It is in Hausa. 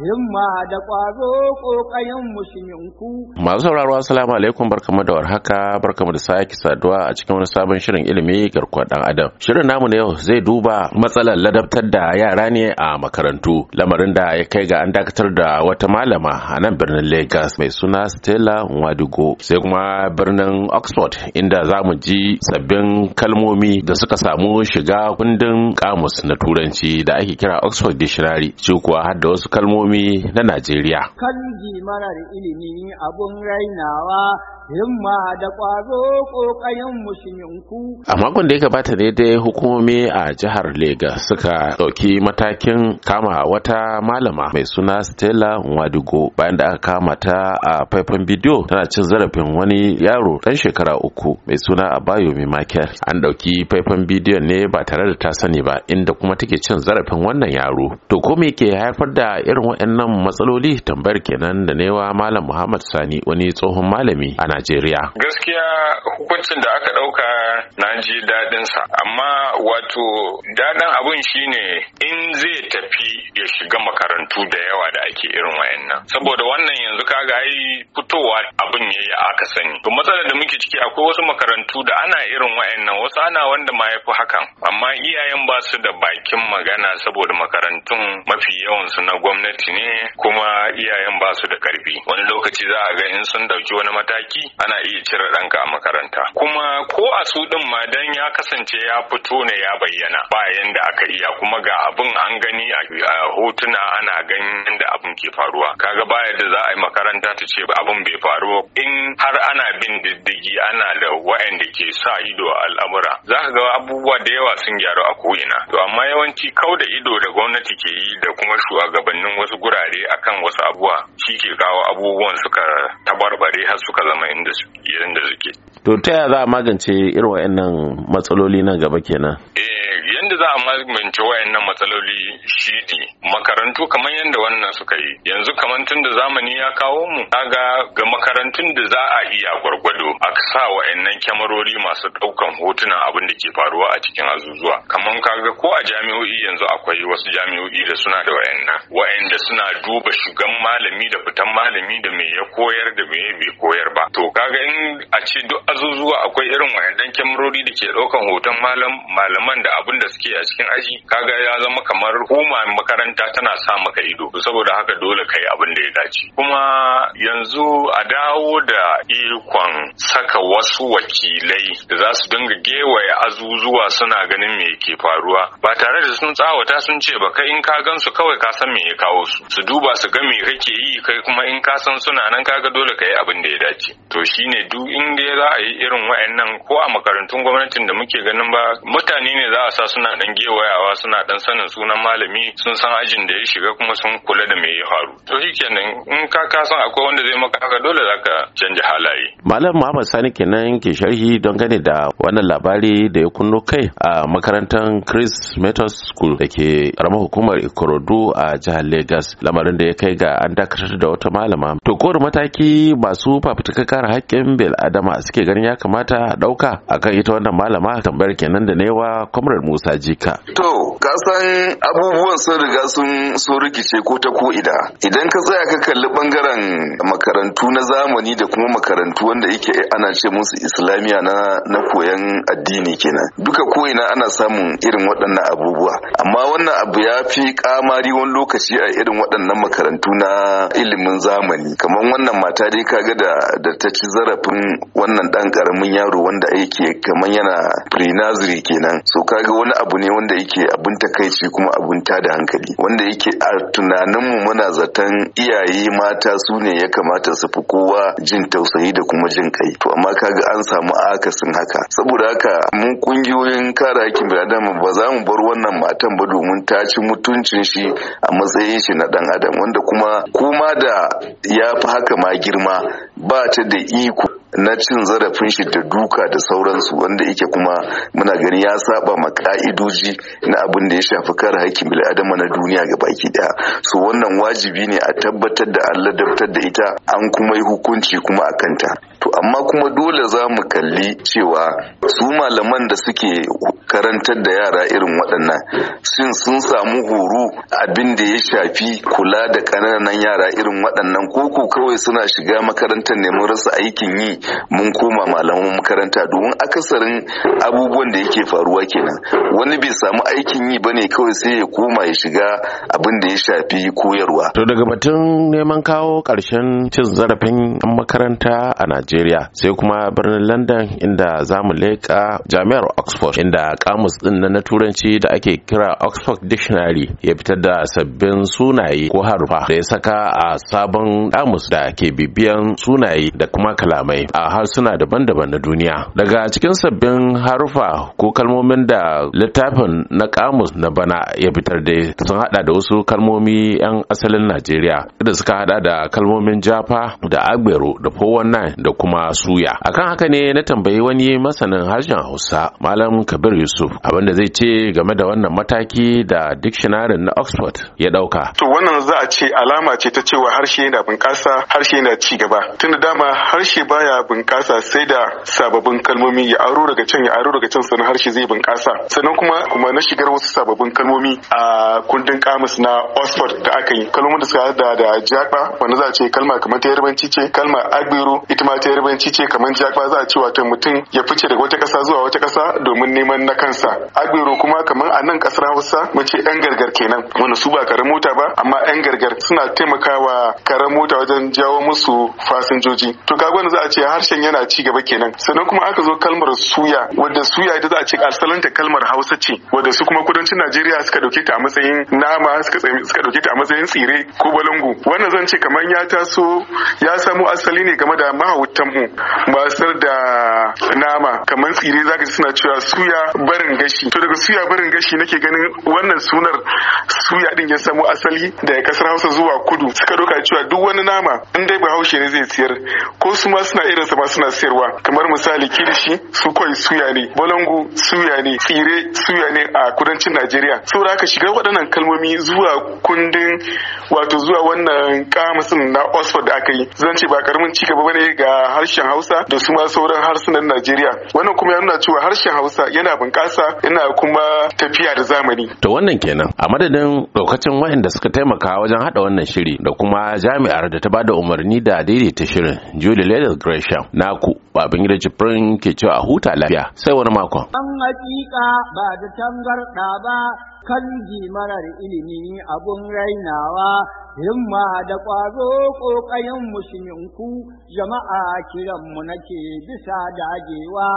himma da ƙwazo ƙoƙayen musulminku. Masu sauraro assalamu alaikum barkamu da warhaka barkamu da sake saduwa a cikin wani sabon shirin ilimi garkuwar ɗan adam. Shirin namu na yau zai duba matsalar ladabtar da yara ne a makarantu lamarin da ya kai ga an dakatar da wata malama a nan birnin Legas mai suna Stella Nwadugo sai kuma birnin Oxford inda za mu ji sabbin kalmomi da suka samu shiga kundin kamus na turanci da ake kira Oxford Dictionary shi kuwa har da wasu kalmomi ilimi na Najeriya. Kanji marar ilimi abun rainawa himma da ƙwazo ƙoƙayen mushinku. A makon da ya gabata ne dai hukumomi a jihar Legas suka ɗauki matakin kama wata malama mai suna Stella Nwadugo bayan da aka kama ta a faifan bidiyo tana cin zarafin wani yaro ɗan shekara uku mai suna Abayomi Michael. An ɗauki faifan bidiyo ne ba tare da ta sani ba inda kuma take cin zarafin wannan yaro. To ko me ke haifar da irin waɗannan matsaloli tambayar kenan da newa malam Muhammad Sani wani tsohon malami a Najeriya. Gaskiya hukuncin da aka ɗauka na ji daɗin sa amma wato daɗin abun shine in zai tafi ya shiga makarantu da yawa da ake irin wayannan saboda wannan yanzu kaga ai fitowa abin yi aka sani to matsalar da muke ciki akwai wasu makarantu da ana irin wayannan wasu ana wanda ma yafi hakan amma iyayen ba su da bakin magana saboda makarantun mafi yawan su na gwamnati gwamnati ne kuma iyayen ba su da karfi wani lokaci za a ga in sun dauki wani mataki ana iya cire ɗanka a makaranta kuma ko a su ɗin ma dan ya kasance ya fito ne ya bayyana ba yanda aka iya kuma ga abin an gani a hotuna ana ganin yanda abin ke faruwa kaga ba yadda za a yi makaranta ta ce abin bai faru in har ana bin diddigi ana da wa'anda ke sa ido a al'amura za ka ga abubuwa da yawa sun gyaru a ko'ina to amma yawanci kau da ido da gwamnati ke yi da kuma shugabannin wasu wasu gurare akan wasu abuwa shi ke kawo abubuwan suka tabarbare har suka zama inda suke. To ta yaya za a magance irin waɗannan matsaloli nan gaba kenan? Eh inda za a magance wayannan matsaloli shi ne makarantu kamar yadda wannan suka yi yanzu kamar tun da zamani ya kawo mu kaga ga makarantun da za a iya gwargwado a sa wayannan kyamarori masu ɗaukan hotuna abin da ke faruwa a cikin azuzuwa kamar kaga ko a jami'o'i yanzu akwai wasu jami'o'i da suna da wayannan wayanda suna duba shugan malami da fitan malami da me ya koyar da me bai koyar ba to kaga in a ce duk azuzuwa akwai irin wayannan kyamarori da ke ɗaukan hoton malam malaman da abin da suke a cikin aji kaga ya zama kamar huma makaranta tana sa maka ido saboda haka dole kai abin da ya dace kuma yanzu a dawo da ikon saka wasu wakilai da za su dinga gewaye azuzuwa suna ganin me ke faruwa ba tare da sun tsawata sun ce ba kai in ka gan kawai ka san me ya kawo su su duba su ga me kake yi kai kuma in ka san suna nan kaga dole kai abin da ya dace to shine duk inda za a yi irin wa'annan ko a makarantun gwamnatin da muke ganin ba mutane ne za a sa suna suna dan gewayawa suna dan sanin sunan malami sun san ajin da ya shiga kuma sun kula da mai ya faru to shikenan in ka ka san akwai wanda zai maka haka dole ka canja halaye malam Muhammad Sani kenan ke sharhi don gane da wannan labari da ya kunno kai a makarantar Chris Metos School da ke karamar hukumar Ikorodu a jihar Lagos lamarin da ya kai ga an dakatar da wata malama to kowar mataki masu fafutukar kare haƙƙin bil adama suke ganin ya kamata a ɗauka akan ita wannan malama tambayar kenan da newa Comrade Musa marasa jika. To, san abubuwan sun riga sun so rikice ko ta ko ida. Idan ka tsaya ka kalli bangaren makarantu na zamani da kuma makarantu wanda yake ana ce musu islamiya na na koyan addini kenan. Duka ko ina ana samun irin waɗannan abubuwa. Amma wannan abu ya fi kamari wani lokaci a irin waɗannan makarantu na ilimin zamani. Kamar wannan mata dai kaga da da ta ci zarafin wannan ɗan ƙaramin yaro wanda yake kamar yana pre-nursery kenan. So kaga wani abu ne wanda yake abun takaici kuma ta tada hankali wanda yake a tunaninmu muna zaton iyaye mata su ne ya kamata su fi kowa jin tausayi da kuma jin kai to amma kaga an samu akasin haka saboda haka mu kungiyoyin kare hakkin bil'adama ba za mu bar wannan matan ba domin ta ci mutuncin shi a matsayin shi na dan adam wanda kuma kuma da ya fi haka ma girma ba ta da iko na cin zarafin shi da duka da sauransu wanda yake kuma muna gani ya saba ma ka'idoji na abin da ya shafi kare haƙƙin bil'adama na duniya ga baki daya so wannan wajibi ne a tabbatar da an ladabtar da ita an kuma yi hukunci kuma a kanta to amma kuma dole za mu kalli cewa su malaman da suke karantar da yara irin waɗannan shin sun samu horo abin da ya shafi kula da ƙananan yara irin waɗannan koko kawai suna shiga makarantar ne rasa aikin yi mun koma malaman makaranta domin akasarin abubuwan da yake faruwa kenan wani bai samu aikin yi bane kawai sai ya koma ya shiga abin da ya shafi koyarwa to daga batun neman kawo ƙarshen cin zarafin makaranta a Najeriya Najeriya sai kuma birnin London inda za mu leƙa jami'ar Oxford inda kamus din na turanci da ake kira Oxford Dictionary ya fitar da sabbin sunaye ko harufa da ya saka a sabon kamus da ke bibiyan sunaye da kuma kalamai a harsuna daban-daban na duniya. Daga cikin sabbin harufa ko kalmomin da littafin na kamus na bana ya fitar da sun hada da wasu kalmomi 'yan asalin Najeriya da suka hada da kalmomin Japa da Agbero da 419 da kuma suya akan haka ne na tambayi wani masanin harshen hausa malam kabir yusuf abinda zai ce game da wannan mataki da dictionary na oxford ya dauka to wannan za a ce alama ce ta cewa harshe yana bunƙasa harshe yana ci gaba tunda dama harshe baya bunƙasa sai da sababbin kalmomi ya aro daga can ya aro daga can sannan harshe zai bunƙasa sannan kuma kuma na shigar wasu sababbin kalmomi a kundin kamus na oxford da aka yi kalmomin da suka hada da jaba wanda za a ce kalma kamar ta yarbanci ce kalma agbero ita ma ta yarbanci ce kamar jakfa za a ce wato mutum ya fice daga wata kasa zuwa wata kasa domin neman na kansa agbero kuma kamar a nan kasar hausa mace ce yan gargar kenan wani su ba karen mota ba amma yan gargar suna taimakawa karen mota wajen jawo musu fasinjoji to kaga gwani za a ce harshen yana ci gaba kenan sannan kuma aka zo kalmar suya wanda suya ita za a ce asalanta kalmar hausa ce wanda su kuma kudancin najeriya suka dauke ta a matsayin nama suka dauke ta a matsayin tsire ko balangu wannan zan ce kamar ya taso ya samo asali ne game da mahauta mu sar da nama kamar tsire zaka ji suna cewa suya barin gashi to daga suya barin gashi nake ganin wannan sunar suya din ya samu asali daga kasar Hausa zuwa kudu suka doka cewa duk wani nama in dai bahaushe ne zai siyar ko su ma suna sa ba suna siyarwa kamar misali kirishi su kawai suya ne balangu suya ne tsire suya ne a kudancin Najeriya saboda haka shiga waɗannan kalmomi zuwa kundin wato zuwa wannan kamusin na Oxford da aka yi zan ce ba karamin cigaba bane ga harshen Hausa da su ma sauran harsunan Najeriya. Wannan kuma yana cewa harshen Hausa yana bunƙasa yana kuma tafiya da zamani. To wannan kenan a madadin lokacin waɗanda suka taimaka wajen haɗa wannan shiri da kuma jami'ar da ta bada umarni da daidaita shirin Julie Ledel Gresham naku babin gida jibrin ke cewa a huta lafiya sai wani makon. An hakika ba da tangarɗa ba kan marar ilimi abun rainawa himma da ƙwazo ƙoƙayen ku jama'a kiranmu nake bisa dagewa.